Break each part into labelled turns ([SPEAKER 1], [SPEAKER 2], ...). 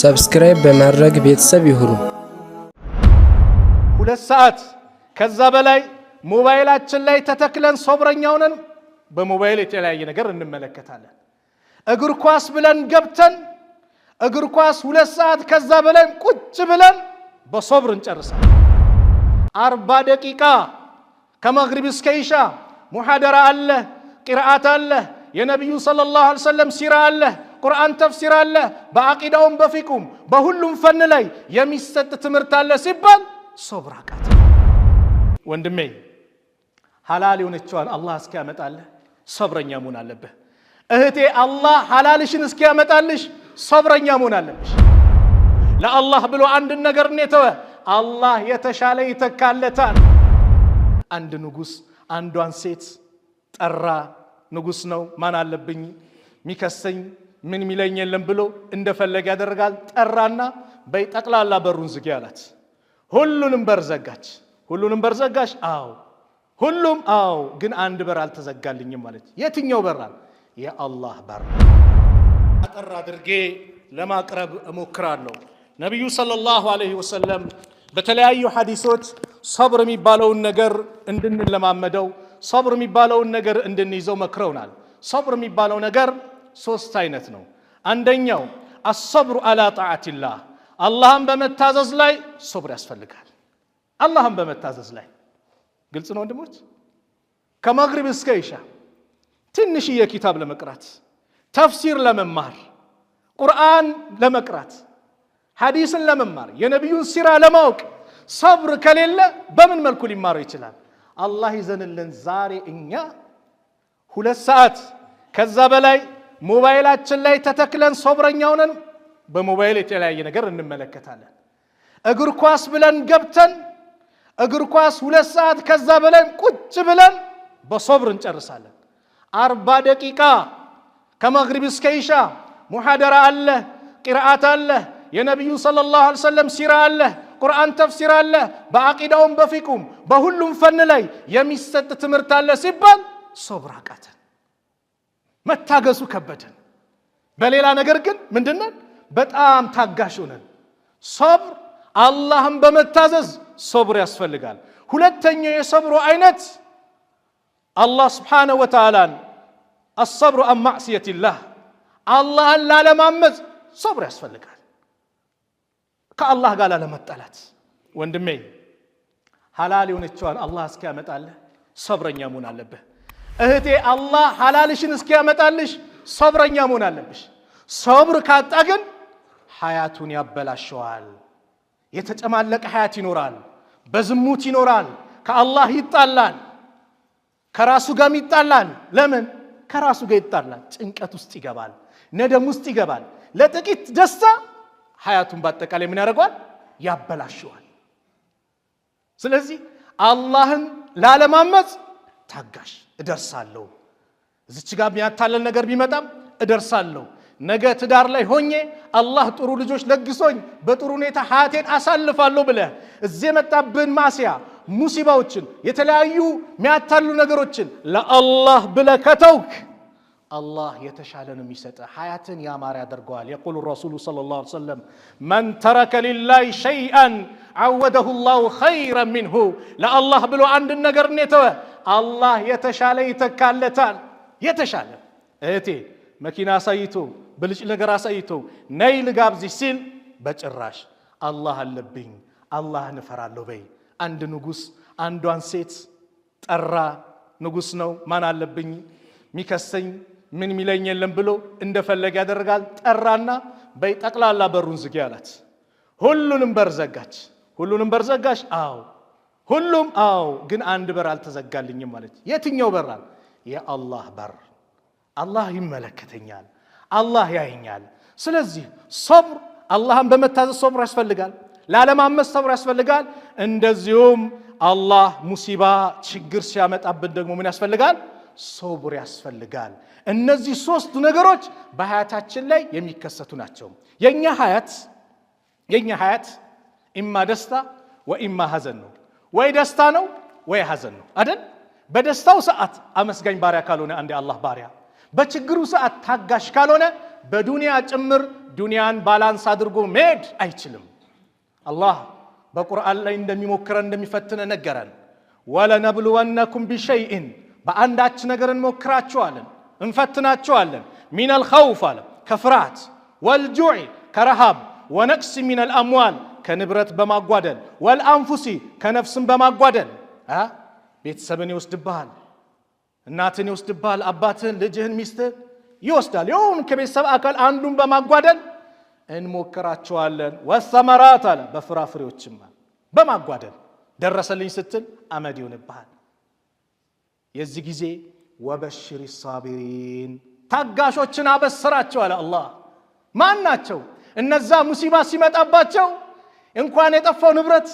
[SPEAKER 1] ሰብስክራይብ በማድረግ ቤተሰብ ይሁኑ።
[SPEAKER 2] ሁለት ሰዓት ከዛ በላይ ሞባይላችን ላይ ተተክለን ሶብረኛ ሆነን በሞባይል የተለያየ ነገር እንመለከታለን። እግር ኳስ ብለን ገብተን እግር ኳስ ሁለት ሰዓት ከዛ በላይ ቁጭ ብለን በሶብር እንጨርሳለን። አርባ ደቂቃ ከመግሪብ እስከ ኢሻ ሙሐደራ አለ፣ ቂርአት አለ፣ የነቢዩ ሰለላሁ ዐለይሂ ወሰለም ሲራ አለ ቁርአን ተፍሲር አለ፣ በአቂዳውም በፊቁም በሁሉም ፈን ላይ የሚሰጥ ትምህርት አለ ሲባል ሶብር አቃት። ወንድሜ ሐላል የሆነችዋን አላህ እስኪያመጣልህ ሶብረኛ መሆን አለብህ። እህቴ አላህ ሐላልሽን እስኪያመጣልሽ ሶብረኛ መሆን አለብሽ። ለአላህ ብሎ አንድን ነገር እኔተወ አላህ የተሻለ ይተካለታል። አንድ ንጉሥ አንዷን ሴት ጠራ። ንጉሥ ነው ማን አለብኝ ሚከሰኝ ምን ሚለኝ የለም ብሎ እንደፈለገ ያደርጋል። ጠራና በይ ጠቅላላ በሩን ዝጊ አላት። ሁሉንም በር ዘጋች። ሁሉንም በር ዘጋች? አዎ። ሁሉም አዎ። ግን አንድ በር አልተዘጋልኝም ማለት። የትኛው በራል? የአላህ በር። አጠር አድርጌ ለማቅረብ እሞክራለሁ። ነቢዩ ሰለላሁ ዐለይሂ ወሰለም በተለያዩ ሐዲሶች ሰብር የሚባለውን ነገር እንድንለማመደው፣ ሰብር የሚባለውን ነገር እንድንይዘው መክረውናል። ሰብር የሚባለው ነገር ሶስት አይነት ነው። አንደኛው አሰብሩ አላ ጣዓቲላህ አላህን በመታዘዝ ላይ ሶብር ያስፈልጋል። አላህን በመታዘዝ ላይ ግልጽ ነው ወንድሞች። ከመግሪብ እስከ ኢሻ ትንሽዬ ኪታብ ለመቅራት፣ ተፍሲር ለመማር፣ ቁርአን ለመቅራት፣ ሐዲስን ለመማር፣ የነቢዩን ሲራ ለማወቅ ሰብር ከሌለ በምን መልኩ ሊማረው ይችላል? አላህ ይዘንልን። ዛሬ እኛ ሁለት ሰዓት ከዛ በላይ ሞባይላችን ላይ ተተክለን ሶብረኛውንን በሞባይል የተለያየ ነገር እንመለከታለን። እግር ኳስ ብለን ገብተን እግር ኳስ ሁለት ሰዓት ከዛ በላይ ቁጭ ብለን በሶብር እንጨርሳለን። አርባ ደቂቃ ከመግሪብ እስከ ኢሻ ሙሓደራ አለ፣ ቂርአት አለ፣ የነቢዩ ሰለላሁ ዐለይሂ ወሰለም ሲራ አለ፣ ቁርአን ተፍሲር አለ። በአቂዳውም በፊቁም በሁሉም ፈን ላይ የሚሰጥ ትምህርት አለ ሲባል ሶብር አቃተን። መታገሱ ከበደን። በሌላ ነገር ግን ምንድነን? በጣም ታጋሽ ሆነን ሶብር፣ አላህን በመታዘዝ ሶብር ያስፈልጋል። ሁለተኛው የሶብሩ አይነት አላህ ስብሓነሁ ወተዓላን አሰብሩ አን ማዕስየቲላህ አላህን ላለማመፅ ሶብር ያስፈልጋል። ከአላህ ጋር ላለመጠላት ወንድሜ፣ ሀላል የሆነችዋን አላህ እስኪያመጣልህ ሶብረኛ መሆን አለብህ። እህቴ አላህ ሐላልሽን እስኪያመጣልሽ ሰብረኛ መሆን አለብሽ። ሰብር ካጣ ግን ሐያቱን ያበላሸዋል። የተጨማለቀ ሐያት ይኖራል። በዝሙት ይኖራል። ከአላህ ይጣላል። ከራሱ ጋር ይጣላል። ለምን ከራሱ ጋር ይጣላል? ጭንቀት ውስጥ ይገባል። ነደም ውስጥ ይገባል። ለጥቂት ደስታ ሐያቱን በአጠቃላይ ምን ያደርገዋል? ያበላሸዋል። ስለዚህ አላህን ላለማመፅ ታጋሽ እደርሳለሁ። እዚች ጋር የሚያታለል ነገር ቢመጣም እደርሳለሁ። ነገ ትዳር ላይ ሆኜ አላህ ጥሩ ልጆች ለግሶኝ በጥሩ ሁኔታ ሀያቴን አሳልፋለሁ ብለህ እዚህ የመጣብን ማስያ ሙሲባዎችን፣ የተለያዩ የሚያታሉ ነገሮችን ለአላህ ብለህ ከተውክ አላህ የተሻለንም ይሰጠ ሀያትን ያማረ ያደርገዋል። የቁሉ ረሱሉ ሰለላሁ ዐለይሂ ወሰለም መን ተረከ ሊላህ ሸይአን ዓወደሁ ላሁ ኸይረን ሚንሁ ለአላህ ብሎ አንድን ነገር የተወ አላህ የተሻለ ይተካለታል። የተሻለ እህቴ መኪና አሳይቶ ብልጭ ነገር አሳይቶ ነይ ልጋብዝሽ ሲል በጭራሽ አላህ አለብኝ አላህ እንፈራለሁ በይ። አንድ ንጉሥ አንዷን ሴት ጠራ። ንጉሥ ነው ማን አለብኝ ሚከሰኝ ምን ሚለኝ የለም ብሎ እንደፈለገ ያደርጋል። ጠራና በይ ጠቅላላ በሩን ዝጊ አላት። ሁሉንም በር ዘጋች። ሁሉንም በር ዘጋች? አዎ። ሁሉም አዎ። ግን አንድ በር አልተዘጋልኝም ማለት የትኛው በር አለ? የአላህ በር። አላህ ይመለከተኛል፣ አላህ ያይኛል ስለዚህ ሰብር፣ አላህን በመታዘዝ ሰብር ያስፈልጋል። ላለማመስ ሰብር ያስፈልጋል። እንደዚሁም አላህ ሙሲባ ችግር ሲያመጣብን ደግሞ ምን ያስፈልጋል? ሶብር ያስፈልጋል። እነዚህ ሶስቱ ነገሮች በሀያታችን ላይ የሚከሰቱ ናቸው። የእኛ ሀያት የእኛ ሀያት ኢማ ደስታ ወኢማ ሀዘን ነው። ወይ ደስታ ነው ወይ ሀዘን ነው አደን። በደስታው ሰዓት አመስጋኝ ባሪያ ካልሆነ አንድ የአላህ ባሪያ በችግሩ ሰዓት ታጋሽ ካልሆነ በዱንያ ጭምር ዱንያን ባላንስ አድርጎ መሄድ አይችልም። አላህ በቁርአን ላይ እንደሚሞክረን እንደሚፈትነ ነገረን። ወለነብልወነኩም ቢሸይእን በአንዳች ነገር እንሞክራችኋለን፣ እንፈትናችኋለን። ሚነል ኸውፍ አለ ከፍርሃት ወልጁዕ ከረሃብ ወነቅስ ሚነል አምዋል ከንብረት በማጓደል ወልአንፉሲ ከነፍስም በማጓደል ቤተሰብን ይወስድብሃል፣ እናትን ይወስድብሃል፣ አባትህን፣ ልጅህን፣ ሚስትህን ይወስዳል። ይሁን ከቤተሰብ አካል አንዱን በማጓደል እንሞክራቸዋለን። ወሰመራት አለ በፍራፍሬዎችም በማጓደል ደረሰልኝ ስትል አመድ ይሆንብሃል። የዚህ ጊዜ ወበሽሪ ሳቢሪን ታጋሾችን አበስራቸው አለ አላህ። ማን ናቸው እነዛ? ሙሲባ ሲመጣባቸው እንኳን የጠፋው ንብረት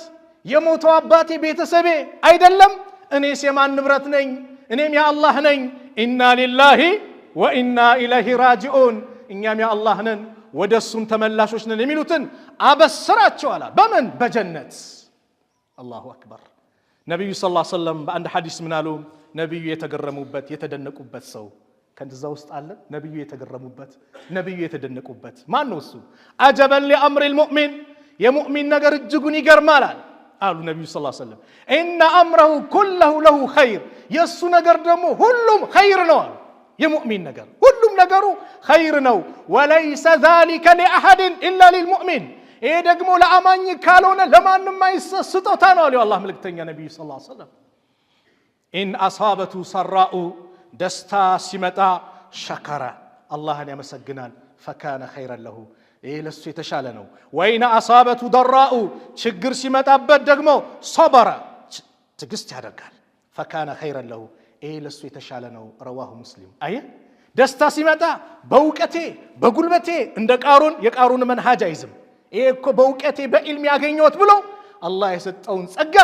[SPEAKER 2] የሞተው አባቴ ቤተሰቤ አይደለም እኔስ የማን ንብረት ነኝ? እኔም የአላህ ነኝ። ኢና ሊላሂ ወኢና ኢለይሂ ራጂዑን እኛም የአላህ ነን ወደ እሱም ተመላሾች ነን የሚሉትን አበስራቸው አላ በምን በጀነት አላሁ አክበር ነቢዩ ስ ሰለም በአንድ ሐዲስ ምናሉ ነቢዩ የተገረሙበት የተደነቁበት ሰው ከእንደዛ ውስጥ አለ። ነቢዩ የተገረሙበት ነቢዩ የተደነቁበት ማን ነው እሱ? አጀበን ሊአምሪል ሙእሚን የሙእሚን ነገር እጅጉን ይገርማላል አሉ ነቢዩ ስ ሰለም። ኢነ አምረሁ ኩለሁ ለሁ ኸይር የእሱ ነገር ደግሞ ሁሉም ኸይር ነው አሉ። የሙእሚን ነገር ሁሉም ነገሩ ኸይር ነው። ወለይሰ ዛሊከ ሊአሐድን ኢላ ሊልሙእሚን ይሄ ደግሞ ለአማኝ ካልሆነ ለማንም አይሰጥ ስጦታ ነው አሉ አላህ መልክተኛ ነቢዩ ስ ሰለም ኢን አሳበቱ ሰራኡ ደስታ ሲመጣ ሸከረ አላህን ያመሰግናል። ፈካነ ኸይረን ለሁ ይህ ለሱ የተሻለ ነው። ወይነ አሳበቱ ደራኡ ችግር ሲመጣበት ደግሞ ሰበረ ትዕግስት ያደርጋል። ፈካነ ኸይረን ለሁ ይህ ለሱ የተሻለ ነው። ረዋሁ ሙስሊም። አየ ደስታ ሲመጣ በእውቀቴ በጉልበቴ እንደ ቃሩን የቃሩን መንሃጅ አይዝም። ይሄ እኮ በእውቀቴ በኢልም ያገኘሁት ብሎ አላህ የሰጠውን ጸጋ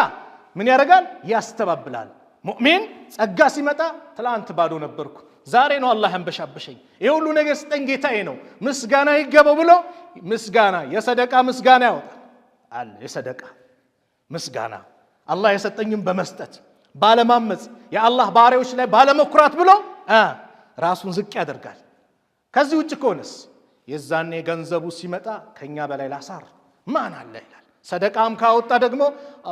[SPEAKER 2] ምን ያደርጋል? ያስተባብላል ሙእሚን ጸጋ ሲመጣ ትላንት ባዶ ነበርኩ፣ ዛሬ ነው አላህ ያንበሻበሸኝ፣ ይህ ሁሉ ነገር ስጠኝ ጌታዬ ነው ምስጋና ይገባው ብሎ ምስጋና የሰደቃ ምስጋና ያወጣል አለ። የሰደቃ ምስጋና አላህ የሰጠኝም በመስጠት ባለማመፅ፣ የአላህ ባሪያዎች ላይ ባለመኩራት ብሎ ራሱን ዝቅ ያደርጋል። ከዚህ ውጭ ከሆነስ የዛኔ ገንዘቡ ሲመጣ ከእኛ በላይ ላሳር ማን አለ ይላል። ሰደቃም ካወጣ ደግሞ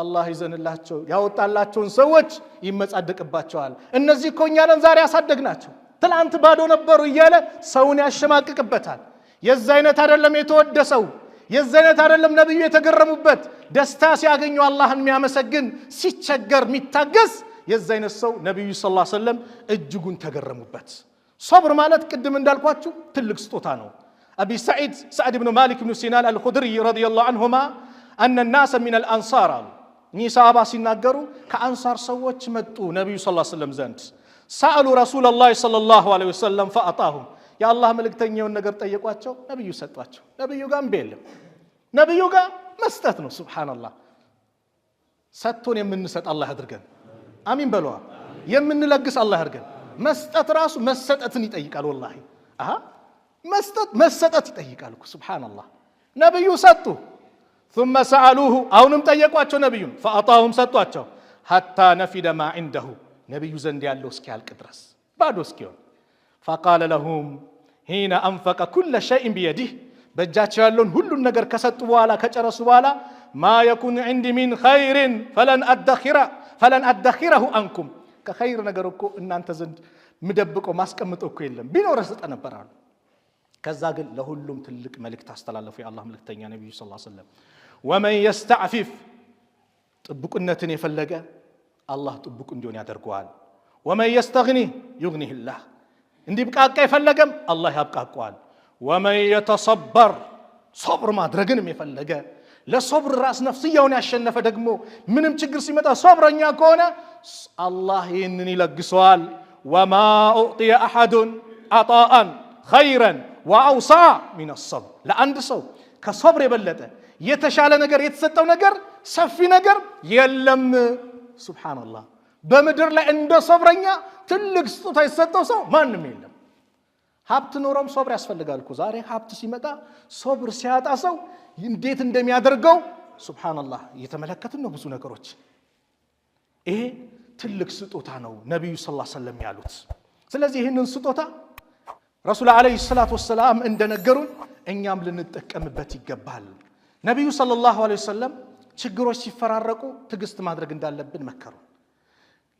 [SPEAKER 2] አላህ ይዘንላቸው ያወጣላቸውን ሰዎች ይመጻደቅባቸዋል። እነዚህ እኮ እኛ ነን ዛሬ ያሳደግናቸው፣ ትላንት ባዶ ነበሩ እያለ ሰውን ያሸማቅቅበታል። የዚ አይነት አይደለም የተወደሰው፣ የዚ አይነት አይደለም ነቢዩ የተገረሙበት። ደስታ ሲያገኙ አላህን የሚያመሰግን ሲቸገር የሚታገስ የዚ አይነት ሰው ነቢዩ ሰለላሁ ዐለይሂ ወሰለም እጅጉን ተገረሙበት። ሶብር ማለት ቅድም እንዳልኳችሁ ትልቅ ስጦታ ነው። አቢ ሰዒድ ሰዕድ ብኑ ማሊክ ብኑ ሲናን አልኹድሪ ረዲየላሁ አንሁማ አነናሰ ሚነል አንሳር አሉ እኚህ ሰሃባ ሲናገሩ ከአንሳር ሰዎች መጡ ነቢዩ ስ ስለም ዘንድ ሳአሉ ረሱላ ላ ለ ላሁ ለ ወሰለም ፈአጣሁም የአላህ መልእክተኛውን ነገር ጠየቋቸው ነቢዩ ሰጧቸው ነቢዩ ጋር እምቢ የለም ነቢዩ ጋር መስጠት ነው ስብሓንላህ ሰጥቶን የምንሰጥ አላህ አድርገን አሚን በለዋ የምንለግስ አላህ አድርገን መስጠት ራሱ መሰጠትን ይጠይቃል ወላሂ መስጠት መሰጠት ይጠይቃል እኮ ነቢዩ ሰጡ ثم ሰአሉሁ አሁንም ጠየቋቸው ነቢዩን ፈአጣሁም ሰጧቸው ሐታ ነፊደ ማ ዒንደሁ ነቢዩ ዘንድ ያለው እስኪያልቅ ድረስ ባዶ እስኪሆን ፈቃለ ለሁም ሂነ አንፈቀ ኩለ ሸይን ብየዲህ በእጃቸው ያለውን ሁሉን ነገር ከሰጡ በኋላ ከጨረሱ በኋላ ማ የኩን ዒንዲ ሚን ኸይሪን ፈለን አደኪረሁ አንኩም ከኸይር ነገር እኮ እናንተ ዘንድ ምደብቀው ማስቀምጦ እኮ የለም ቢኖረ ስጠ ነበር አሉ ከዛ ግን ለሁሉም ትልቅ መልእክት አስተላለፉ የአላህ መልእክተኛ ነቢዩ ስ ሰለም ወመን የስተዕፊፍ ጥቡቅነትን የፈለገ አላህ ጥቡቅ እንዲሆን ያደርገዋል። ወመን የስተግኒህ ዩግኒህላህ እንዲብቃቃ የፈለገም አላህ ያብቃቀዋል። ወመን የተሰበር ሶብር ማድረግንም የፈለገ ለሶብር ራስ ነፍስያውን ያሸነፈ ደግሞ ምንም ችግር ሲመጣ ሶብረኛ ከሆነ አላህ ይህንን ይለግሰዋል። ወማ ኡዕጥየ አሐዱን አጣአን ኸይረን ወአውሳ ሚን አሰብር ለአንድ ሰው ከሶብር የበለጠ የተሻለ ነገር የተሰጠው ነገር ሰፊ ነገር የለም። ሱብሓነላህ በምድር ላይ እንደ ሶብረኛ ትልቅ ስጦታ የተሰጠው ሰው ማንም የለም። ሀብት ኖሮም ሶብር ያስፈልጋል እኮ። ዛሬ ሀብት ሲመጣ ሶብር ሲያጣ ሰው እንዴት እንደሚያደርገው ሱብሓነላህ እየተመለከትን ነው ብዙ ነገሮች። ይሄ ትልቅ ስጦታ ነው ነቢዩ ሰለላሁ ዐለይሂ ወሰለም ያሉት። ስለዚህ ይህንን ስጦታ ረሱል ዓለይሂ ሰላቱ ወሰላም እንደነገሩን እኛም ልንጠቀምበት ይገባል። ነቢዩ ሰለላሁ ዐለይሂ ወሰለም ችግሮች ሲፈራረቁ ትዕግስት ማድረግ እንዳለብን መከሩ።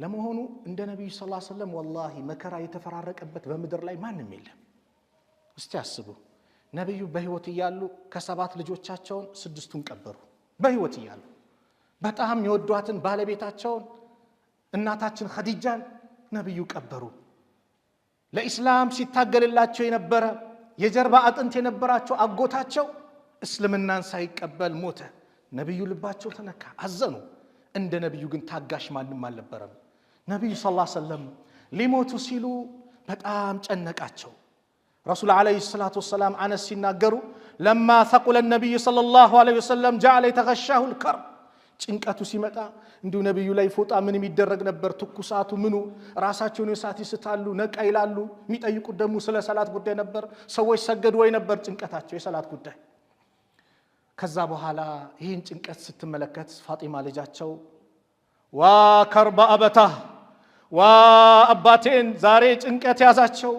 [SPEAKER 2] ለመሆኑ እንደ ነቢዩ ስ ሰለም ወላሂ መከራ የተፈራረቀበት በምድር ላይ ማንም የለም። እስቲ አስቡ፣ ነቢዩ በህይወት እያሉ ከሰባት ልጆቻቸውን ስድስቱን ቀበሩ። በህይወት እያሉ በጣም የወዷትን ባለቤታቸውን እናታችን ኸዲጃን ነቢዩ ቀበሩ። ለኢስላም ሲታገልላቸው የነበረ የጀርባ አጥንት የነበራቸው አጎታቸው እስልምናን ሳይቀበል ሞተ። ነቢዩ ልባቸው ተነካ፣ አዘኑ። እንደ ነቢዩ ግን ታጋሽ ማንም አልነበረም። ነቢዩ ሰለላሁ ዐለይሂ ሊሞቱ ሲሉ በጣም ጨነቃቸው። ረሱል ዐለይሂ ሰላቱ ወሰላም አነስ ሲናገሩ ለማ ተቁለ ነቢዩ ሰለላሁ ዐለይሂ ወሰለም ጃለ የተገሻሁ ልከር ጭንቀቱ ሲመጣ እንዲሁ ነቢዩ ላይ ፎጣ ምን የሚደረግ ነበር? ትኩሳቱ ምኑ ራሳቸውን የሳት ይስታሉ፣ ነቃ ይላሉ። የሚጠይቁት ደግሞ ስለ ሰላት ጉዳይ ነበር። ሰዎች ሰገዱ ወይ ነበር? ጭንቀታቸው የሰላት ጉዳይ ከዛ በኋላ ይህን ጭንቀት ስትመለከት ፋጢማ ልጃቸው ዋ ከርባ አበታ ዋ አባቴን ዛሬ ጭንቀት ያዛቸው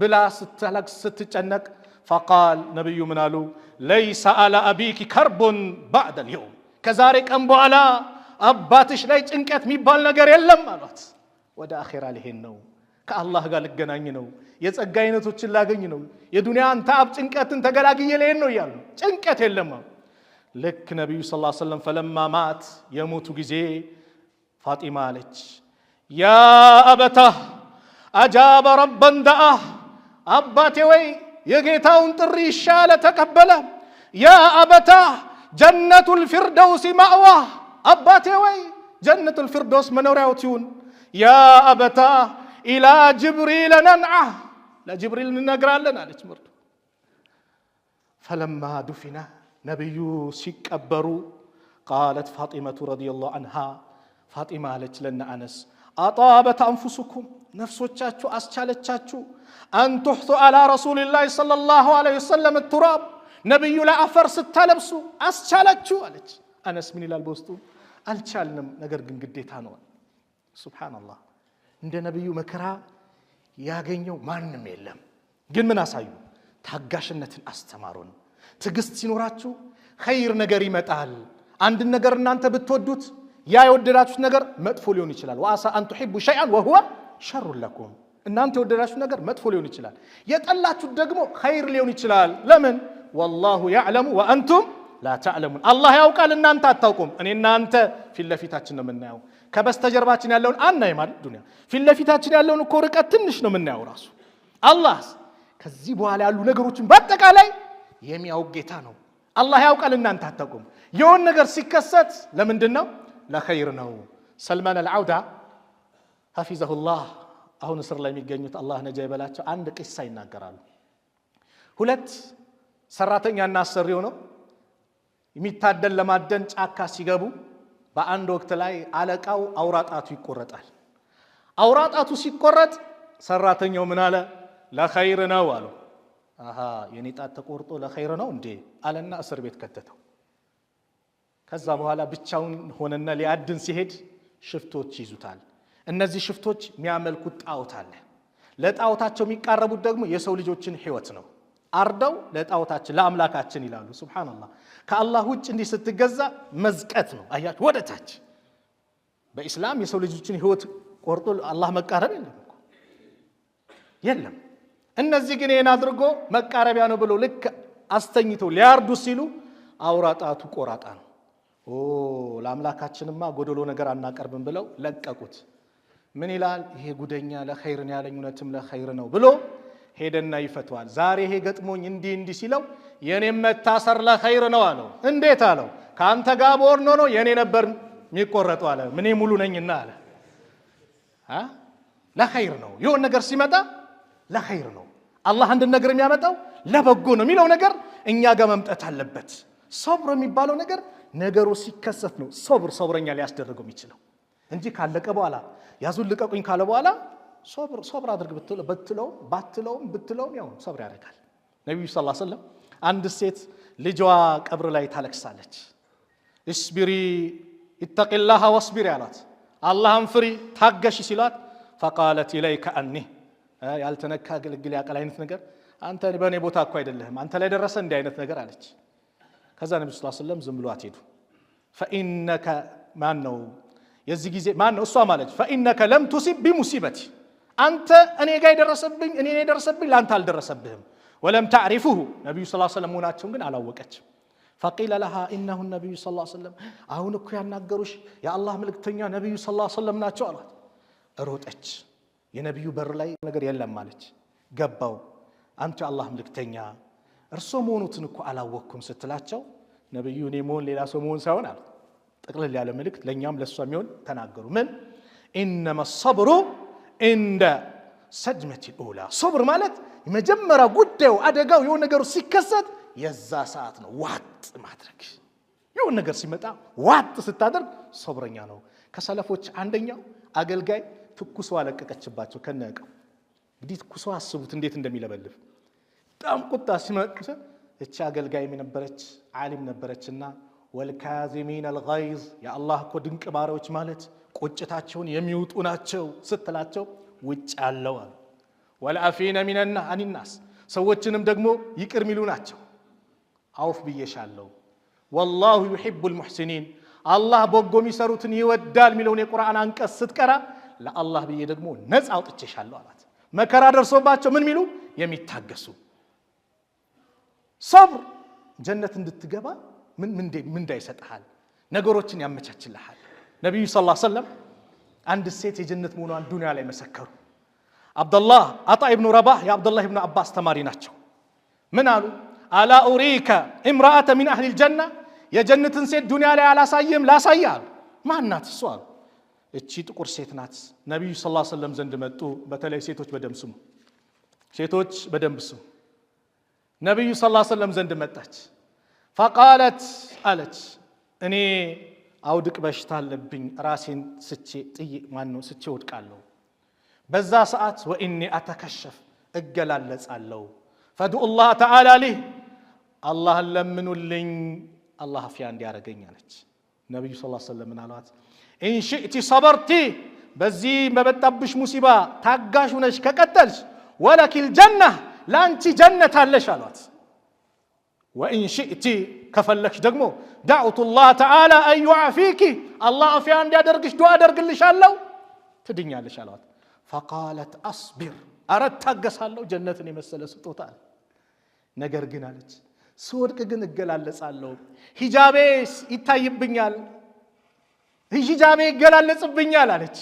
[SPEAKER 2] ብላ ስትለቅስ ስትጨነቅ፣ ፈቃል ነቢዩ ምን አሉ? ለይሰ አላ አቢኪ ከርቡን ባዕደ ልየውም ከዛሬ ቀን በኋላ አባትሽ ላይ ጭንቀት የሚባል ነገር የለም አሏት። ወደ አኼራ ልሄድ ነው፣ ከአላህ ጋር ልገናኝ ነው የጸጋ አይነቶችን ላገኝ ነው። የዱንያን ታብ ጭንቀትን ተገላግዬ ልሄድ ነው እያሉ ጭንቀት የለም። ልክ ነቢዩ ስ ሰለም ፈለማ ማት የሞቱ ጊዜ ፋጢማ አለች ያ አበታህ አጃበ ረበን ደአህ አባቴ ወይ የጌታውን ጥሪ ይሻለ ተቀበለ። ያ አበታህ ጀነቱል ፊርደውስ ማእዋህ አባቴ ወይ ጀነቱል ፊርደውስ መኖሪያውት ይሁን ያ አበታህ ኢላ ጅብሪል ነንዓህ ለጅብሪል እንነግራለን አለች ምርቱ። ፈለማ ዱፊና ነቢዩ ሲቀበሩ ቃለት ፋጢመቱ ረዲየላሁ አንሃ ፋጢማ አለች ለነ አነስ አጣበት አንፉሱኩም ነፍሶቻችሁ አስቻለቻችሁ አንቱሕቱ አላ ረሱልላህ ሰለላሁ ዐለይሂ ወሰለም ቱራብ ነቢዩ ላይ አፈር ስታለብሱ አስቻላችሁ አለች። አነስ ምን ይላል በውስጡ አልቻልንም፣ ነገር ግን ግዴታ ነው። ሱብሓነላህ እንደ ነቢዩ መከራ ያገኘው ማንም የለም። ግን ምን አሳዩ? ታጋሽነትን አስተማሩን። ትዕግስት ሲኖራችሁ ኸይር ነገር ይመጣል። አንድን ነገር እናንተ ብትወዱት ያ የወደዳችሁት ነገር መጥፎ ሊሆን ይችላል። ወአሳ አን ቱሒቡ ሸይአን ወሁወ ሸሩን ለኩም። እናንተ የወደዳችሁት ነገር መጥፎ ሊሆን ይችላል፣ የጠላችሁት ደግሞ ኸይር ሊሆን ይችላል። ለምን? ወላሁ ያዕለሙ ወአንቱም ላ ተዕለሙን። አላህ ያውቃል፣ እናንተ አታውቁም። እኔ እናንተ ፊት ለፊታችን ነው የምናየው። ከበስተጀርባችን ያለውን አናይም አይደል? ዱንያ ፊትለፊታችን ያለውን እኮ ርቀት ትንሽ ነው የምናየው። ራሱ አላህስ ከዚህ በኋላ ያሉ ነገሮችን በአጠቃላይ የሚያውቅ ጌታ ነው። አላህ ያውቃል፣ እናንተ አታውቁም። የሆን ነገር ሲከሰት ለምንድን ነው? ለኸይር ነው። ሰልማን አልዓውዳ ሐፊዘሁላህ አሁን እስር ላይ የሚገኙት አላህ ነጃ ይበላቸው፣ አንድ ቂሳ ይናገራሉ። ሁለት ሰራተኛና አሰሪ ሆነው የሚታደን ለማደን ጫካ ሲገቡ በአንድ ወቅት ላይ አለቃው አውራጣቱ ይቆረጣል። አውራጣቱ ሲቆረጥ ሰራተኛው ምን አለ? ለኸይር ነው አሉ። አሃ የኔ ጣት ተቆርጦ ለኸይር ነው እንዴ አለና እስር ቤት ከተተው። ከዛ በኋላ ብቻውን ሆነና ሊያድን ሲሄድ ሽፍቶች ይዙታል። እነዚህ ሽፍቶች የሚያመልኩት ጣዖት አለ። ለጣዖታቸው የሚቃረቡት ደግሞ የሰው ልጆችን ሕይወት ነው። አርደው ለጣዖታችን ለአምላካችን ይላሉ። ሱብሓነላህ ከአላህ ውጭ እንዲህ ስትገዛ መዝቀት ነው። አያችሁ፣ ወደ ታች በኢስላም የሰው ልጆችን ህይወት ቆርጦ አላህ መቃረብ የለም የለም። እነዚህ ግን ይህን አድርጎ መቃረቢያ ነው ብሎ ልክ አስተኝተው ሊያርዱ ሲሉ አውራ ጣቱ ቆራጣ ነው። ኦ ለአምላካችንማ ጎደሎ ነገር አናቀርብም ብለው ለቀቁት። ምን ይላል ይሄ ጉደኛ? ለኸይርን ያለኝ እውነትም ለኸይር ነው ብሎ ሄደና ይፈቷል። ዛሬ ይሄ ገጥሞኝ እንዲህ እንዲህ ሲለው የኔም መታሰር ለኸይር ነው አለው። እንዴት አለው? ከአንተ ጋር በወርኖ ነው የኔ ነበር የሚቆረጠው አለ። እኔ ሙሉ ነኝና አለ። ለኸይር ነው የሆን ነገር ሲመጣ ለኸይር ነው። አላህ አንድን ነገር የሚያመጣው ለበጎ ነው የሚለው ነገር እኛ ጋር መምጠት አለበት። ሶብር የሚባለው ነገር ነገሩ ሲከሰት ነው ሶብር ሶብረኛ ሊያስደርገው የሚችለው እንጂ ካለቀ በኋላ ያዙን ልቀቁኝ ካለ በኋላ ሶብር አድርግ ብትለው ባትለውም ብትለውም ያው ሶብር ያደርጋል። ነቢዩ ስ ላ ሰለም አንድ ሴት ልጇ ቀብር ላይ ታለቅሳለች። እስቢሪ ኢተቂላሃ ወስቢሪ አሏት። አላህን ፍሪ ታገሽ ሲሏት ፈቃለት ኢለይከ አኒ ያልተነካ ግልግል ያቀል አይነት ነገር አንተ በእኔ ቦታ እኮ አይደለህም አንተ ላይ ደረሰ እንዲህ አይነት ነገር አለች። ከዛ ነቢ ስ ስለም ዝም ብሎ አትሄዱ ፈኢነከ ማን ነው የዚህ ጊዜ ማን ነው እሷ ማለች ፈኢነከ ለም ቱሲብ ቢሙሲበቲ አንተ እኔ ጋር የደረሰብኝ እኔ የደረሰብኝ ለአንተ አልደረሰብህም። ወለም ታዕሪፉሁ ነቢዩ ስ ሰለም መሆናቸውን ግን አላወቀች ፈቂለ ለሃ ኢነሁ ነቢዩ ስ ሰለም፣ አሁን እኮ ያናገሩሽ የአላህ መልእክተኛ ነቢዩ ስ ሰለም ናቸው አሏት። ሮጠች፣ የነቢዩ በር ላይ ነገር የለም አለች። ገባው አንቱ የአላህ መልእክተኛ እርሶ መሆኑትን እኮ አላወቅኩም ስትላቸው ነቢዩ እኔ መሆን ሌላ ሰው መሆን ሳይሆን አሉ። ጠቅልል ያለ መልእክት ለእኛም ለእሷ የሚሆን ተናገሩ። ምን ኢነማ ሰብሩ እንደ ሰድመት ኡላ ሶብር ማለት የመጀመሪያ ጉዳዩ አደጋው የሆነ ነገሩ ሲከሰት የዛ ሰዓት ነው ዋጥ ማድረግ። የሆነ ነገር ሲመጣ ዋጥ ስታደርግ ሶብረኛ ነው። ከሰለፎች አንደኛው አገልጋይ ትኩሷ አለቀቀችባቸው። ከነቀው። እንግዲህ ትኩሷ አስቡት እንዴት እንደሚለበልብ በጣም ቁጣ ሲመጥ እቺ አገልጋይም የነበረች ዓሊም ነበረችና ወልካዚሚን አልጋይዝ የአላህ እኮ ድንቅ ባሪያዎች ማለት ቁጭታቸውን የሚውጡ ናቸው ስትላቸው ውጭ አለው አሉ። ወልአፊነ ሚነና አኒናስ ሰዎችንም ደግሞ ይቅር ሚሉ ናቸው። አውፍ ብዬሻለሁ። ወላሁ ዩሒቡል ሙሕሲኒን አላህ በጎ የሚሰሩትን ይወዳል የሚለውን የቁርአን አንቀጽ ስትቀራ ለአላህ ብዬ ደግሞ ነፃ አውጥቼሻለሁ አላት። መከራ ደርሶባቸው ምን ሚሉ የሚታገሱ ሰብር ጀነት እንድትገባ ምንዳ ይሰጥሃል፣ ነገሮችን ያመቻችልሃል። ነቢዩ ሰለላሁ ዐለይሂ ወሰለም አንድ ሴት የጀነት መሆኗን ዱንያ ላይ መሰከሩ። አብደላህ አጣ ብኑ ረባህ የአብደላህ ብኑ አባስ ተማሪ ናቸው። ምን አሉ? አላ ኡሪከ እምራአተ ሚን አህሊል ጀና የጀነትን ሴት ዱንያ ላይ አላሳየም ላሳያል? አሉ። ማናት እሱ አሉ። እቺ ጥቁር ሴት ናት። ነቢዩ ሰለላሁ ዐለይሂ ወሰለም ዘንድ መጡ። በተለይ ሴቶች በደንብ ስሙ፣ ሴቶች በደንብ ስሙ። ነቢዩ ሰለላሁ ዐለይሂ ወሰለም ዘንድ መጣች። ፈቃለት አለች፣ እኔ አውድቅ በሽታ አለብኝ ራሴን ስቼ ጥይ ማነው ስቼ ወድቃለሁ። በዛ ሰዓት ወኢኒ አተከሸፍ እገላለጻለሁ። ፈድኡ ላህ ተዓላ ሊህ አላህን ለምኑልኝ አላህ አፍያ እንዲያደረገኝ አለች። ነቢዩ ስ ሰለም ምን አሏት? ኢንሽእቲ ሰበርቲ በዚህ በመጣብሽ ሙሲባ ታጋሽ ሁነሽ ከቀጠልሽ ወለኪል ጀና ለአንቺ ጀነት አለሽ አሏት። ወኢን ሽእቲ ከፈለግሽ ደግሞ ዳዕቱ ተዓላ አን ዩዓፊኪ አላህ አፍያ እንዲያደርግሽ ዱዓ አደርግልሻለሁ ትድኛለሽ አለዋት። ፈቃለት አስቢር አረ እታገሳለሁ ጀነትን የመሰለ ስጦታ አለ። ነገር ግን አለች ስወድቅ ግን እገላለጻለሁ፣ ሂጃቤ ይታይብኛል፣ ሂጃቤ ይገላለጽብኛል አለች።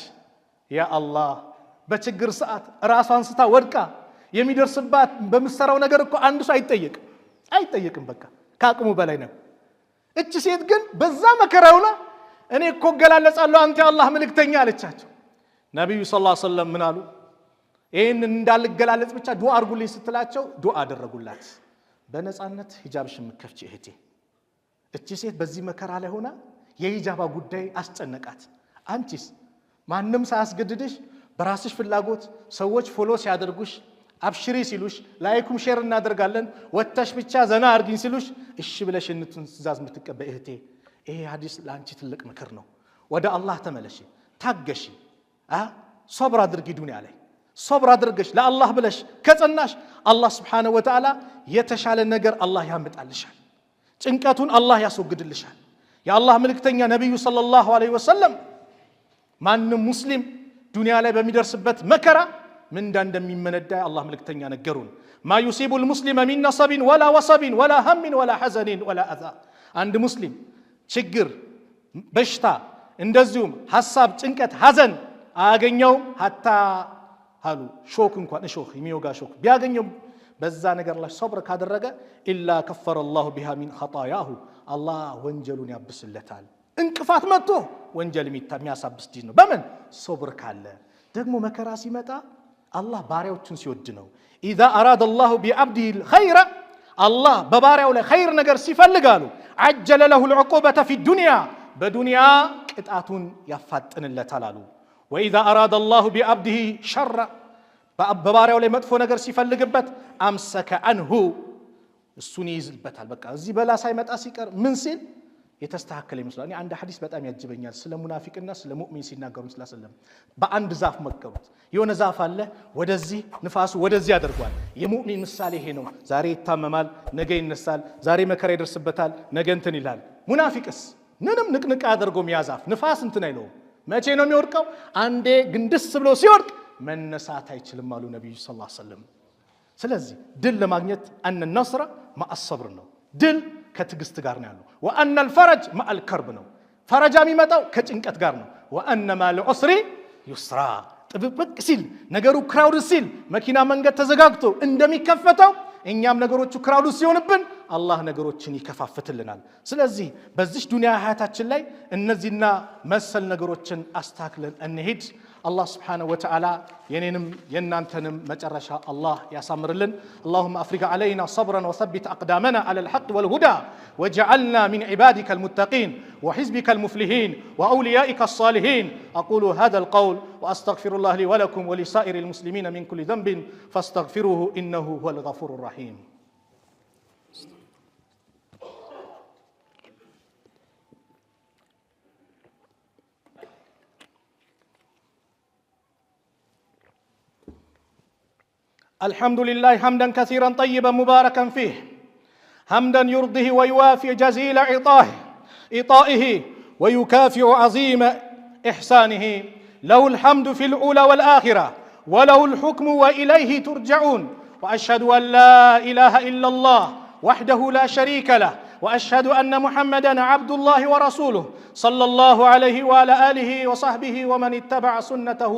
[SPEAKER 2] ያ አላህ በችግር ሰዓት ራሷን አንስታ ወድቃ የሚደርስባት በምሰራው ነገር እኮ አንድ ሰው አይጠየቅም። አይጠየቅም። በቃ ከአቅሙ በላይ ነው። እች ሴት ግን በዛ መከራ ሆና እኔ እኮ እገላለጻለሁ አንተ የአላህ መልእክተኛ አለቻቸው። ነቢዩ ሰለላሁ ላ ሰለም ምን አሉ? ይህን እንዳልገላለጽ ብቻ ዱዓ አድርጉልኝ ስትላቸው ዱዓ አደረጉላት። በነፃነት ሂጃብሽ የምከፍች እህቴ። እቺ ሴት በዚህ መከራ ላይ ሆና የሂጃባ ጉዳይ አስጨነቃት። አንቺስ ማንም ሳያስገድድሽ በራስሽ ፍላጎት ሰዎች ፎሎ ሲያደርጉሽ አብሽሪ ሲሉሽ ላይኩም ሼር እናደርጋለን፣ ወጥተሽ ብቻ ዘና አርጊኝ ሲሉሽ እሺ ብለሽ ትእዛዝ የምትቀበይ እህቴ፣ ይሄ ሀዲስ ለአንቺ ትልቅ ምክር ነው። ወደ አላህ ተመለሽ፣ ታገሺ፣ ሶብር አድርጊ። ዱንያ ላይ ሶብር አድርገሽ ለአላህ ብለሽ ከጸናሽ አላህ ስብሓነሁ ወተዓላ የተሻለ ነገር አላህ ያመጣልሻል። ጭንቀቱን አላህ ያስወግድልሻል። የአላህ ምልክተኛ ነቢዩ ሰለላሁ ዐለይሂ ወሰለም ማንም ሙስሊም ዱንያ ላይ በሚደርስበት መከራ ምንዳ እንደሚመነዳ አላህ መልክተኛ ነገሩን። ማ ዩሲቡ ልሙስሊመ ሚን ነሰቢን ወላ ወሰቢን ወላ ሀሚን ወላ ሐዘኒን ወላ አዛ። አንድ ሙስሊም ችግር፣ በሽታ፣ እንደዚሁም ሀሳብ፣ ጭንቀት፣ ሀዘን አያገኘውም። ሀታ አሉ ሾክ እንኳን እሾክ የሚወጋ ሾክ ቢያገኘው በዛ ነገር ላይ ሰብር ካደረገ ኢላ ከፈረ ላሁ ቢሃ ሚን ኸጣያሁ አላህ ወንጀሉን ያብስለታል። እንቅፋት መጥቶ ወንጀል የሚያሳብስ ዲን ነው። በምን ሶብር ካለ ደግሞ መከራ ሲመጣ አላህ ባሪያዎቹን ሲወድ ነው። ኢዛ አራደ አላሁ ቢአብዲህ ልኸይረ አላህ በባሪያው ላይ ኸይር ነገር ሲፈልግ አሉ አጀለ ለሁ ልዕቁበተ ፊ ዱንያ በዱንያ ቅጣቱን ያፋጥንለታል አሉ። ወኢዛ አራደ አላሁ ቢአብዲህ ሸራ በባሪያው ላይ መጥፎ ነገር ሲፈልግበት አምሰከ አንሁ እሱን ይይዝበታል። በቃ እዚህ በላ ሳይመጣ ሲቀር ምን ሲል የተስተካከለ ይመስላል። እኔ አንድ ሐዲስ በጣም ያጅበኛል። ስለ ሙናፊቅና ስለ ሙእሚን ሲናገሩ ስላሰለም በአንድ ዛፍ መገቡት። የሆነ ዛፍ አለ፣ ወደዚህ ንፋሱ ወደዚህ አድርጓል። የሙእሚን ምሳሌ ይሄ ነው። ዛሬ ይታመማል፣ ነገ ይነሳል። ዛሬ መከራ ይደርስበታል፣ ነገ እንትን ይላል። ሙናፊቅስ ምንም ንቅንቅ አያደርገውም። ያ ዛፍ ንፋስ እንትን አይለውም። መቼ ነው የሚወድቀው? አንዴ ግንድስ ብሎ ሲወድቅ መነሳት አይችልም አሉ ነቢዩ ስ ሰለም። ስለዚህ ድል ለማግኘት አነ ማአሰብር ነው ድል ከትዕግስት ጋር ነው ያለው። ወአነል ፈረጅ መአል ከርብ ነው። ፈረጃ የሚመጣው ከጭንቀት ጋር ነው። ወአነ ማል ዩስራ ጥብቅብቅ ሲል ነገሩ ክራውድ ሲል መኪና መንገድ ተዘጋግቶ እንደሚከፈተው እኛም ነገሮቹ ክራውድ ሲሆንብን አላህ ነገሮችን ይከፋፍትልናል። ስለዚህ በዚህ ዱንያ ሀያታችን ላይ እነዚህና መሰል ነገሮችን አስተካክለን እንሄድ። الله سبحانه وتعالى ينينم ينانتنم مجرشا الله يا سامرلن اللهم أفرق علينا صبرا وثبت أقدامنا على الحق والهدى وجعلنا من عبادك المتقين وحزبك المفلحين وأوليائك الصالحين أقول هذا القول وأستغفر الله لي ولكم ولسائر المسلمين من كل ذنب فاستغفروه إنه هو الغفور الرحيم الحمد لله حمدا كثيرا طيبا مباركا فيه حمدا يرضيه ويوافي جزيل عطاه إطائه ويكافئ عظيم إحسانه له الحمد في الأولى والآخرة وله الحكم وإليه ترجعون وأشهد أن لا إله إلا الله وحده لا شريك له واشهد ان محمدا عبد الله ورسوله صلى الله عليه وعلى اله وصحبه ومن اتبع سنته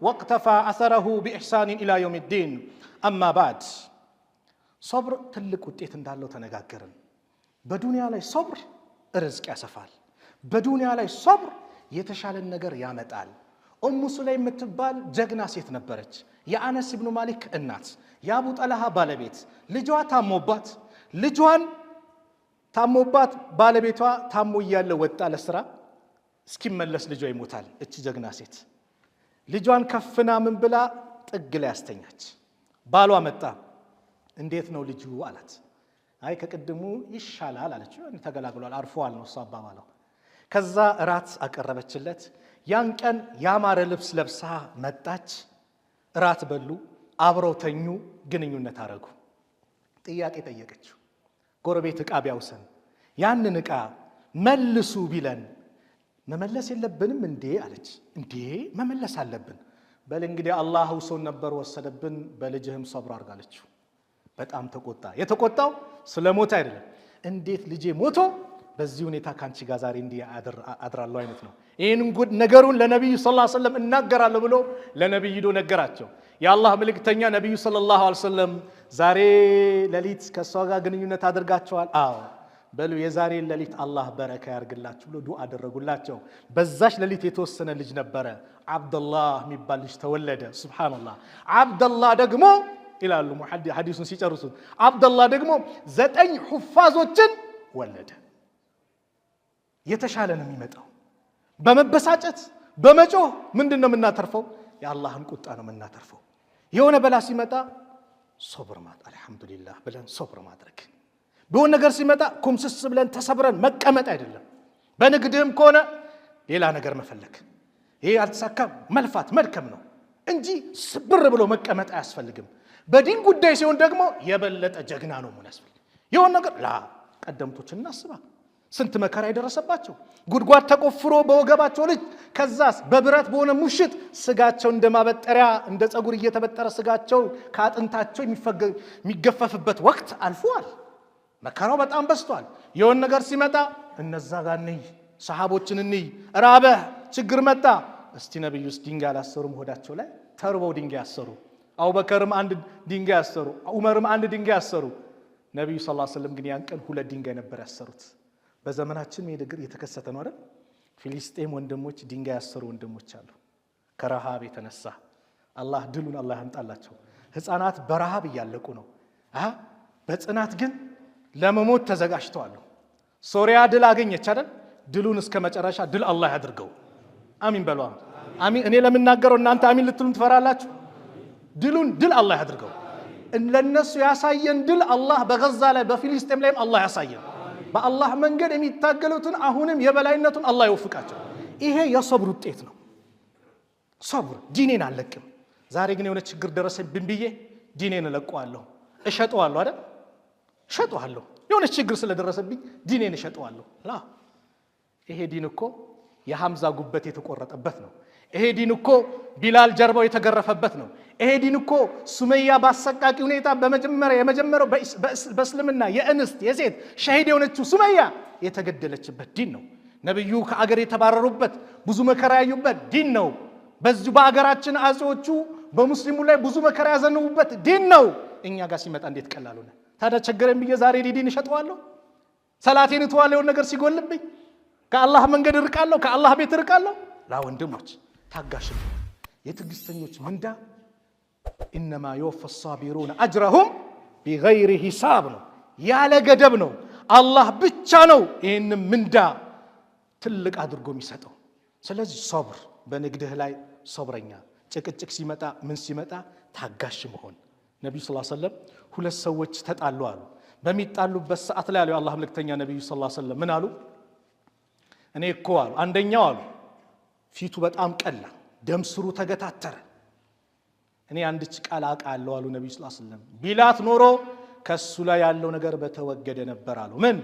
[SPEAKER 2] واقتفى اثره باحسان الى يوم الدين አማ ባድ ሶብር ትልቅ ውጤት እንዳለው ተነጋገርን። በዱንያ ላይ ሶብር ርዝቅ ያሰፋል። በዱንያ ላይ ሶብር የተሻለን ነገር ያመጣል። ኡሙ ሱለይም የምትባል ጀግና ሴት ነበረች፣ የአነስ ብኑ ማሊክ እናት፣ የአቡ ጠላሃ ባለቤት። ልጇ ታሞባት ልጇን ታሞባት ባለቤቷ ታሞ እያለ ወጣ ለስራ እስኪመለስ ልጇ ይሞታል። እች ጀግና ሴት ልጇን ከፍና ምን ብላ ጥግ ላይ ያስተኛች ባሏ መጣ። እንዴት ነው ልጁ አላት። አይ ከቅድሙ ይሻላል አለች። ተገላግሏል፣ አርፏል ነው እሱ አባባሏ። ከዛ እራት አቀረበችለት። ያን ቀን ያማረ ልብስ ለብሳ መጣች። እራት በሉ፣ አብረው ተኙ፣ ግንኙነት አረጉ። ጥያቄ ጠየቀችው። ጎረቤት ዕቃ ቢያውሰን ያንን ዕቃ መልሱ ቢለን መመለስ የለብንም እንዴ አለች። እንዴ መመለስ አለብን በል እንግዲህ አላህ ውሶን ነበር ወሰደብን፣ በልጅህም ሰብር አድርጋለችው። በጣም ተቆጣ። የተቆጣው ስለ ሞት አይደለም፣ እንዴት ልጄ ሞቶ በዚህ ሁኔታ ከአንቺ ጋር ዛሬ እንዲህ አድራለሁ አይነት ነው። ይህን ነገሩን ለነቢዩ ሰለላሁ ዐለይሂ ወሰለም እናገራለሁ ብሎ ለነቢይ ሂዶ ነገራቸው። የአላህ ምልክተኛ ነቢዩ ሰለላሁ ዐለይሂ ወሰለም ዛሬ ሌሊት ከእሷ ጋር ግንኙነት አድርጋቸዋል። አዎ በሉ የዛሬን ሌሊት አላህ በረካ ያርግላችሁ ብሎ ዱዓ አደረጉላቸው። በዛች ሌሊት የተወሰነ ልጅ ነበረ፣ አብደላህ የሚባል ልጅ ተወለደ። ሱብሓነላህ። አብደላህ ደግሞ ይላሉ ሐዲሱን ሲጨርሱት፣ አብደላህ ደግሞ ዘጠኝ ሁፋዞችን ወለደ። የተሻለ ነው የሚመጣው። በመበሳጨት በመጮህ ምንድን ነው የምናተርፈው? የአላህን ቁጣ ነው የምናተርፈው። የሆነ በላ ሲመጣ ሶብር ማድረግ አልሐምዱሊላህ ብለን ሶብር ማድረግ ቢሆን ነገር ሲመጣ ኩምስስ ብለን ተሰብረን መቀመጥ አይደለም። በንግድህም ከሆነ ሌላ ነገር መፈለግ፣ ይሄ አልተሳካም መልፋት መድከም ነው እንጂ ስብር ብሎ መቀመጥ አያስፈልግም። በዲን ጉዳይ ሲሆን ደግሞ የበለጠ ጀግና ነው መሆን ያስፈልግ። የሆን ነገር ላ ቀደምቶች እናስባ። ስንት መከራ የደረሰባቸው ጉድጓድ ተቆፍሮ በወገባቸው ልጅ ከዛስ በብረት በሆነ ሙሽጥ ስጋቸው እንደ ማበጠሪያ እንደ ፀጉር እየተበጠረ ስጋቸው ከአጥንታቸው የሚገፈፍበት ወቅት አልፈዋል። መከራው በጣም በስቷል። የሆን ነገር ሲመጣ እነዛ ጋር እንይ፣ ሰሃቦችን እንይ፣ ራበህ፣ ችግር መጣ። እስቲ ውስጥ ድንጋይ አላሰሩም? ሆዳቸው ላይ ተርበው ድንጋይ አሰሩ። አቡበከርም አንድ ድንጋይ አሰሩ፣ ዑመርም አንድ ድንጋይ አሰሩ። ነቢዩ ስ ስለም ግን ያን ቀን ሁለት ድንጋይ ነበር ያሰሩት። በዘመናችን ድግር የተከሰተ ነው አይደል? ፊሊስጤም ወንድሞች ድንጋይ ያሰሩ ወንድሞች አሉ። ከረሃብ የተነሳ አላህ ድሉን አላህ ያምጣላቸው። ህፃናት በረሃብ እያለቁ ነው። በጽናት ግን ለመሞት ተዘጋጅተዋል። ሶሪያ ድል አገኘች አይደል? ድሉን እስከ መጨረሻ ድል አላህ ያድርገው። አሚን በሏ። አሚን እኔ ለምናገረው እናንተ አሚን ልትሉን ትፈራላችሁ። ድሉን ድል አላህ ያድርገው። ለነሱ ያሳየን ድል አላህ በገዛ ላይ በፊሊስጤም ላይም አላህ ያሳየን። በአላህ መንገድ የሚታገሉትን አሁንም የበላይነቱን አላህ ይወፍቃቸው። ይሄ የሰብር ውጤት ነው። ሰብር ዲኔን አለቅም። ዛሬ ግን የሆነ ችግር ደረሰብኝ ብዬ ዲኔን እለቀዋለሁ፣ እሸጠዋለሁ አይደል እሸጠዋለሁ። የሆነች ችግር ስለደረሰብኝ ዲኔን እሸጠዋለሁ። ይሄ ዲን እኮ የሐምዛ ጉበት የተቆረጠበት ነው። ይሄ ዲን እኮ ቢላል ጀርባው የተገረፈበት ነው። ይሄ ዲን እኮ ሱመያ በአሰቃቂ ሁኔታ በመጀመሪያ የመጀመሪያው በእስልምና የእንስት የሴት ሸሂድ የሆነችው ሱመያ የተገደለችበት ዲን ነው። ነቢዩ ከአገር የተባረሩበት ብዙ መከራ ያዩበት ዲን ነው። በዚሁ በአገራችን አጼዎቹ በሙስሊሙ ላይ ብዙ መከራ ያዘንቡበት ዲን ነው። እኛ ጋር ሲመጣ እንዴት ቀላል ሆነ? ታዲያ ቸገረኝ ብዬ ዛሬ ዲዲን እሸጠዋለሁ? ሰላቴን እተዋለሁ? የሆነ ነገር ሲጎልብኝ ከአላህ መንገድ እርቃለሁ? ከአላህ ቤት እርቃለሁ? ላ ወንድሞች፣ ታጋሽ የትዕግስተኞች ምንዳ ኢነማ የወፈ ሳቢሩን አጅረሁም ቢገይሪ ሂሳብ ነው፣ ያለ ገደብ ነው። አላህ ብቻ ነው ይህንም ምንዳ ትልቅ አድርጎ የሚሰጠው። ስለዚህ ሶብር፣ በንግድህ ላይ ሶብረኛ፣ ጭቅጭቅ ሲመጣ ምን ሲመጣ ታጋሽ መሆን ነቢዩ ስ ሰለም ሁለት ሰዎች ተጣሉ አሉ። በሚጣሉበት ሰዓት ላይ አሉ የአላህ መልክተኛ ነቢዩ ስ ሰለም ምን አሉ? እኔ እኮ አሉ አንደኛው አሉ ፊቱ በጣም ቀላ፣ ደም ስሩ ተገታተረ። እኔ አንድች ቃል አውቃለሁ አሉ ነቢዩ ስ ሰለም ቢላት ኖሮ ከሱ ላይ ያለው ነገር በተወገደ ነበር አሉ። ምን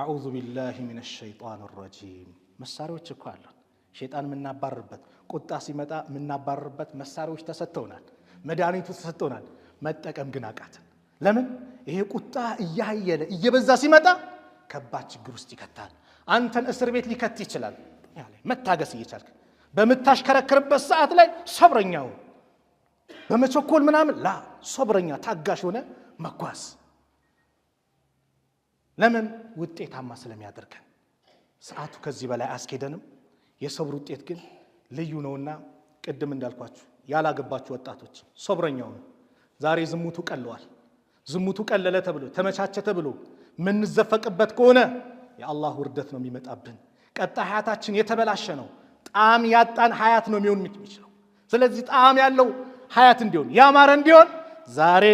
[SPEAKER 2] አዑዙ ቢላሂ ሚነ ሸይጣን ረጂም። መሳሪያዎች እኮ አለን ሸይጣን የምናባርርበት ቁጣ ሲመጣ የምናባርርበት መሳሪያዎች ተሰጥተውናል፣ መድኃኒቱ ተሰጥተውናል። መጠቀም ግን አቃትን። ለምን ይሄ ቁጣ እያየለ እየበዛ ሲመጣ ከባድ ችግር ውስጥ ይከታል። አንተን እስር ቤት ሊከት ይችላል። መታገስ እየቻልክ በምታሽከረክርበት ሰዓት ላይ ሰብረኛው በመቸኮል ምናምን ላ ሰብረኛ ታጋሽ ሆነ መጓዝ ለምን ውጤታማ ስለሚያደርገን። ሰዓቱ ከዚህ በላይ አስኬደንም። የሰብር ውጤት ግን ልዩ ነውና ቅድም እንዳልኳችሁ ያላገባችሁ ወጣቶች ሰብረኛው ነው። ዛሬ ዝሙቱ ቀለዋል። ዝሙቱ ቀለለ ተብሎ ተመቻቸ ተብሎ ምንዘፈቅበት ከሆነ የአላህ ውርደት ነው የሚመጣብን። ቀጣ ሀያታችን የተበላሸ ነው። ጣዕም ያጣን ሀያት ነው የሚሆን የሚችለው። ስለዚህ ጣዕም ያለው ሀያት እንዲሆን ያማረ እንዲሆን ዛሬ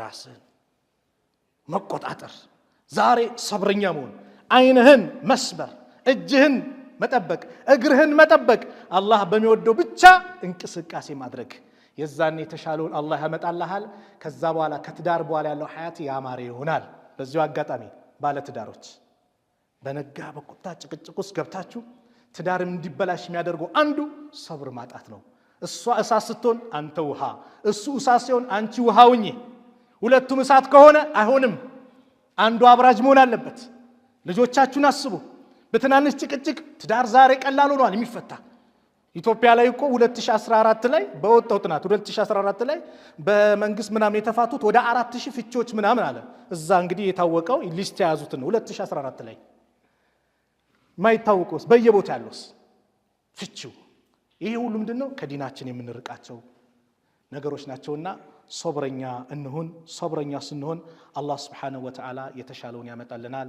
[SPEAKER 2] ራስን መቆጣጠር፣ ዛሬ ሰብረኛ መሆን፣ አይንህን መስበር፣ እጅህን መጠበቅ፣ እግርህን መጠበቅ፣ አላህ በሚወደው ብቻ እንቅስቃሴ ማድረግ የዛን የተሻለውን አላህ ያመጣልሃል። ከዛ በኋላ ከትዳር በኋላ ያለው ሀያት ያማረ ይሆናል። በዚሁ አጋጣሚ ባለትዳሮች በነጋ በቁጣ ጭቅጭቅ ውስጥ ገብታችሁ ትዳርም እንዲበላሽ የሚያደርገው አንዱ ሰብር ማጣት ነው። እሷ እሳት ስትሆን አንተ ውሃ፣ እሱ እሳት ሲሆን አንቺ ውሃ ሁለቱም እሳት ከሆነ አይሆንም። አንዱ አብራጅ መሆን አለበት። ልጆቻችሁን አስቡ። በትናንሽ ጭቅጭቅ ትዳር ዛሬ ቀላል ሆኗል የሚፈታ ኢትዮጵያ ላይ እኮ 2014 ላይ በወጣው ጥናት 2014 ላይ በመንግስት ምናምን የተፋቱት ወደ 4000 ፍቺዎች ምናምን አለ። እዛ እንግዲህ የታወቀው ሊስት የያዙት ነው። 2014 ላይ ማይታወቀውስ በየቦታ ያለውስ ፍቺው ይሄ ሁሉ ምንድነው? ከዲናችን የምንርቃቸው ነገሮች ናቸውና ሶብረኛ እንሁን። ሶብረኛ ስንሆን አላህ ስብሓነሁ ወተዓላ የተሻለውን ያመጣልናል።